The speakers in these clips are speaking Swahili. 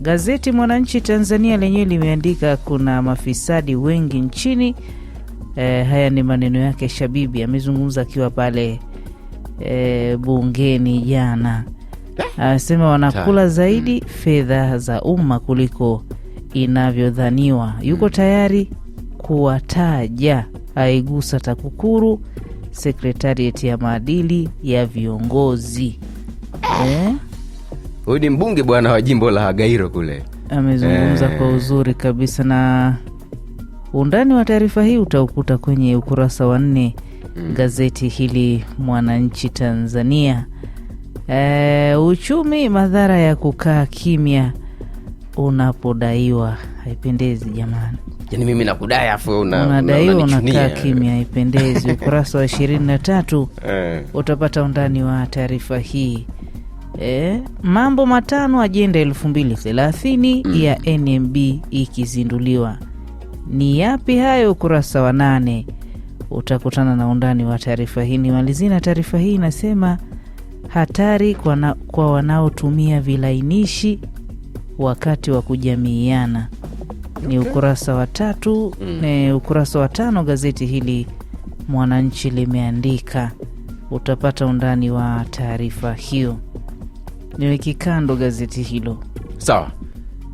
Gazeti Mwananchi Tanzania lenyewe limeandika kuna mafisadi wengi nchini. E, haya ni maneno yake. Shabibi amezungumza akiwa pale e, bungeni jana, eh, anasema wanakula zaidi mm. fedha za umma kuliko inavyodhaniwa. Mm. Yuko tayari kuwataja, aigusa TAKUKURU, sekretarieti ya maadili ya viongozi eh? huyu ni mbunge bwana wa jimbo la Gairo kule. Amezungumza eh. kwa uzuri kabisa, na undani wa taarifa hii utaukuta kwenye ukurasa wa nne mm. gazeti hili Mwananchi Tanzania. E, uchumi madhara ya kukaa kimya unapodaiwa haipendezi jamani. Yani mimi nakudai afu una, unadaiwa una, unakaa kimya haipendezi. Ukurasa wa ishirini na tatu eh. utapata undani wa taarifa hii. Eh, mambo matano ajenda 2030 mm. ya NMB ikizinduliwa ni yapi hayo? Ukurasa wa nane utakutana na undani wa taarifa hii. Nimalizia na taarifa hii inasema hatari kwa, na, kwa wanaotumia vilainishi wakati wa kujamiiana ni ukurasa wa tatu. mm. Eh, ukurasa wa tano gazeti hili Mwananchi limeandika, utapata undani wa taarifa hiyo niweke kando gazeti hilo. Sawa.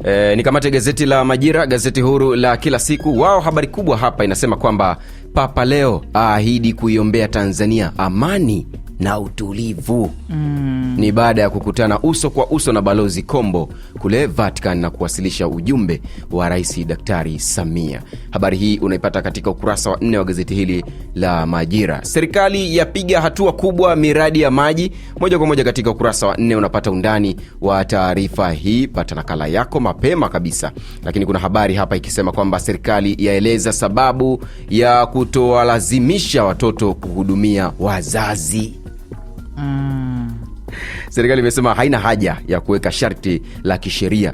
E, nikamate gazeti la Majira, gazeti huru la kila siku. Wao habari kubwa hapa inasema kwamba Papa leo aahidi kuiombea Tanzania amani na utulivu mm. Ni baada ya kukutana uso kwa uso na balozi Kombo kule Vatican na kuwasilisha ujumbe wa Rais Daktari Samia. Habari hii unaipata katika ukurasa wa nne wa gazeti hili la Majira. Serikali yapiga hatua kubwa miradi ya maji, moja kwa moja katika ukurasa wa nne unapata undani wa taarifa hii, pata nakala yako mapema kabisa. Lakini kuna habari hapa ikisema kwamba serikali yaeleza sababu ya kutowalazimisha watoto kuhudumia wazazi mm. Serikali imesema haina haja ya kuweka sharti la kisheria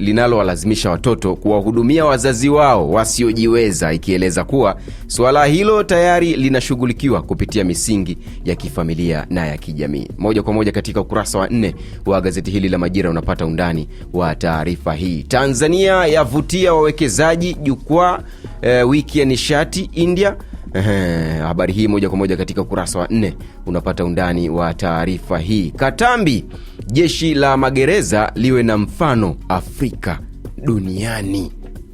linalowalazimisha watoto kuwahudumia wazazi wao wasiojiweza, ikieleza kuwa suala hilo tayari linashughulikiwa kupitia misingi ya kifamilia na ya kijamii. Moja kwa moja katika ukurasa wa nne wa gazeti hili la Majira unapata undani wa taarifa hii. Tanzania yavutia wawekezaji jukwaa e, wiki ya nishati India habari hii moja kwa moja katika ukurasa wa nne unapata undani wa taarifa hii. Katambi, jeshi la magereza liwe na mfano Afrika duniani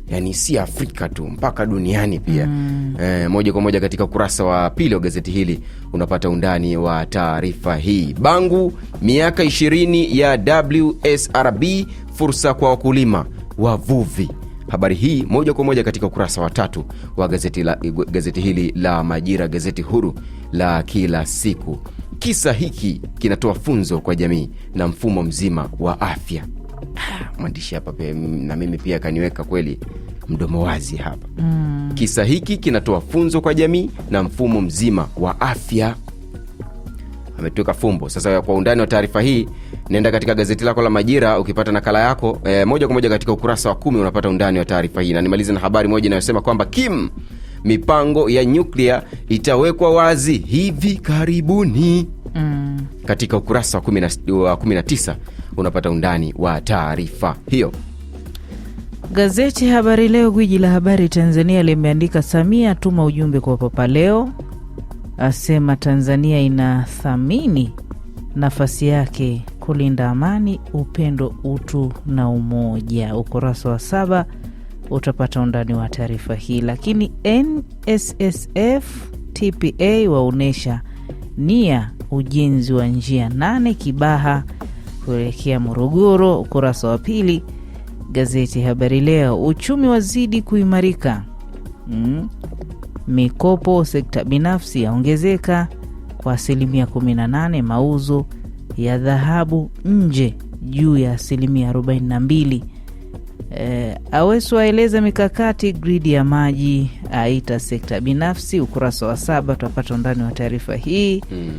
yani si Afrika tu mpaka duniani pia mm. E, moja kwa moja katika ukurasa wa pili wa gazeti hili unapata undani wa taarifa hii. Bangu miaka ishirini ya WSRB, fursa kwa wakulima wavuvi Habari hii moja kwa moja katika ukurasa wa tatu wa gazeti, la, gazeti hili la Majira, gazeti huru la kila siku. Kisa hiki kinatoa funzo kwa jamii na mfumo mzima wa afya. Ah, mwandishi hapa na mimi pia akaniweka kweli mdomo wazi hapa mm. Kisa hiki kinatoa funzo kwa jamii na mfumo mzima wa afya ametuka fumbo. Sasa kwa undani wa taarifa hii, nenda katika gazeti lako la Majira, ukipata nakala yako e, moja kwa moja katika ukurasa wa kumi unapata undani wa taarifa hii, na nimalize na habari moja inayosema kwamba Kim, mipango ya nyuklia itawekwa wazi hivi karibuni. Mm. Katika ukurasa wa 19 unapata undani wa taarifa hiyo. Gazeti Habari Leo, gwiji la habari Tanzania, limeandika Samia atuma ujumbe kwa Papa Leo, asema Tanzania inathamini nafasi yake kulinda amani, upendo, utu na umoja. Ukurasa wa saba utapata undani wa taarifa hii, lakini NSSF TPA waonyesha nia ujenzi wa njia nane Kibaha kuelekea Morogoro. Ukurasa wa pili gazeti Habari Leo, uchumi wazidi kuimarika mm. Mikopo sekta binafsi yaongezeka kwa asilimia 18, mauzo ya dhahabu nje juu ya asilimia 42. E, eh, aeleza mikakati gridi ya maji, aita sekta binafsi, ukurasa wa saba tutapata undani wa taarifa hii mm.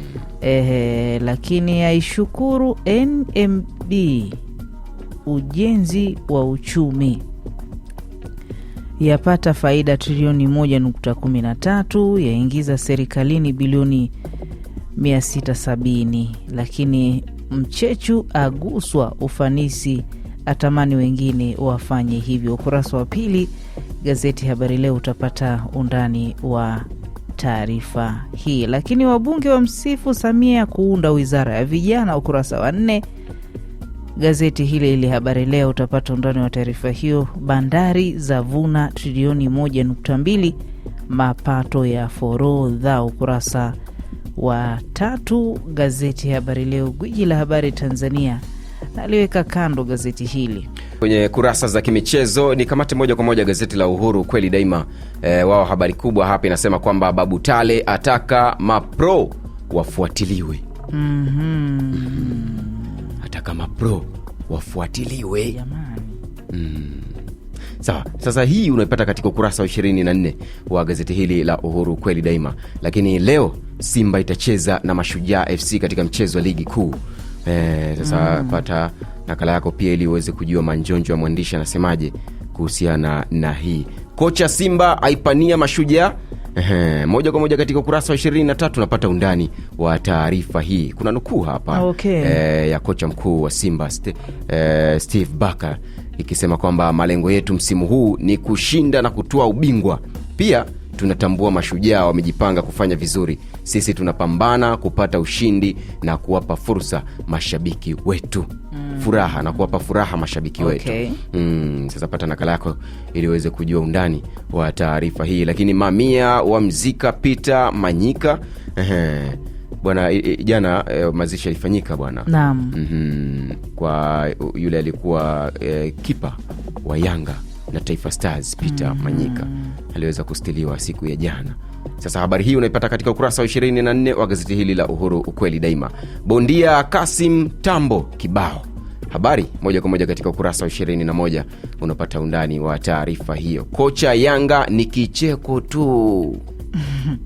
E, lakini aishukuru NMB ujenzi wa uchumi yapata faida trilioni 1.13, yaingiza serikalini bilioni 670. Lakini Mchechu aguswa ufanisi, atamani wengine wafanye hivyo. Ukurasa wa pili gazeti Habari Leo utapata undani wa taarifa hii. Lakini wabunge wa msifu Samia kuunda wizara ya vijana, ukurasa wa nne gazeti hili ili Habari Leo, utapata undani wa taarifa hiyo. Bandari za vuna trilioni 1.2 mapato ya forodha, ukurasa wa tatu. Gazeti Habari Leo, gwiji la habari Tanzania, naliweka kando gazeti hili kwenye kurasa za kimichezo ni kamati moja kwa moja gazeti la Uhuru kweli daima. E, wao habari kubwa hapa inasema kwamba Babu Tale ataka mapro wafuatiliwe. mm -hmm kama pro wafuatiliwe Mm. Sawa, sasa hii unaipata katika ukurasa wa 24 wa gazeti hili la Uhuru kweli daima. Lakini leo Simba itacheza na Mashujaa FC katika mchezo wa ligi kuu. E, sasa mm. pata nakala yako pia ili uweze kujua manjonjo ya mwandishi anasemaje kuhusiana na hii. Kocha Simba aipania Mashujaa Ehe, moja kwa moja katika ukurasa wa 23 unapata undani wa taarifa hii. Kuna nukuu hapa okay. E, ya kocha mkuu wa Simba St e, eh, Steve Barker ikisema kwamba malengo yetu msimu huu ni kushinda na kutoa ubingwa pia tunatambua mashujaa wamejipanga kufanya vizuri. Sisi tunapambana kupata ushindi na kuwapa fursa mashabiki wetu mm. furaha na kuwapa furaha mashabiki okay. wetu mm. Sasa pata nakala yako ili uweze kujua undani wa taarifa hii, lakini mamia wamzika pita Manyika Bwana jana e, mazishi yalifanyika bwana mm -hmm. kwa yule alikuwa e, kipa wa Yanga na Taifa Stars Peter mm. Manyika aliweza kustiliwa siku ya jana. Sasa habari hii unaipata katika ukurasa wa 24 wa gazeti hili la Uhuru, ukweli daima. Bondia Kasim Tambo kibao habari moja kwa moja katika ukurasa wa 21 unapata undani wa taarifa hiyo. Kocha Yanga ni kicheko tu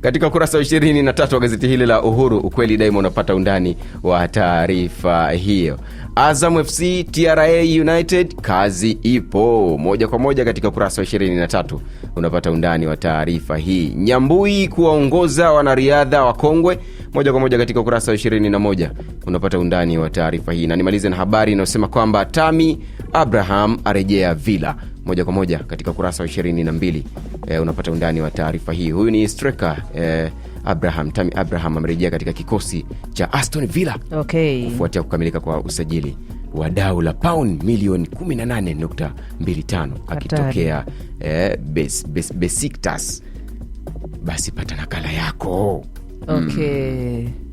Katika ukurasa wa 23 wa gazeti hili la Uhuru, ukweli daima unapata undani wa taarifa hiyo. Azam FC TRA United, kazi ipo moja kwa moja. Katika ukurasa wa 23 unapata undani wa taarifa hii. Nyambui kuwaongoza wanariadha wa kongwe, moja kwa moja. Katika ukurasa wa 21 unapata undani wa taarifa hii, na nimalize na habari inayosema kwamba Tami Abraham arejea Villa moja kwa moja katika ukurasa wa 22 e, unapata undani wa taarifa hii. Huyu ni striker e, Abraham tami Abraham amerejea katika kikosi cha Aston Villa okay, kufuatia kukamilika kwa usajili wa dau la paun milioni 18.25 akitokea e, bes, bes, Besiktas. Basi pata nakala yako okay. mm.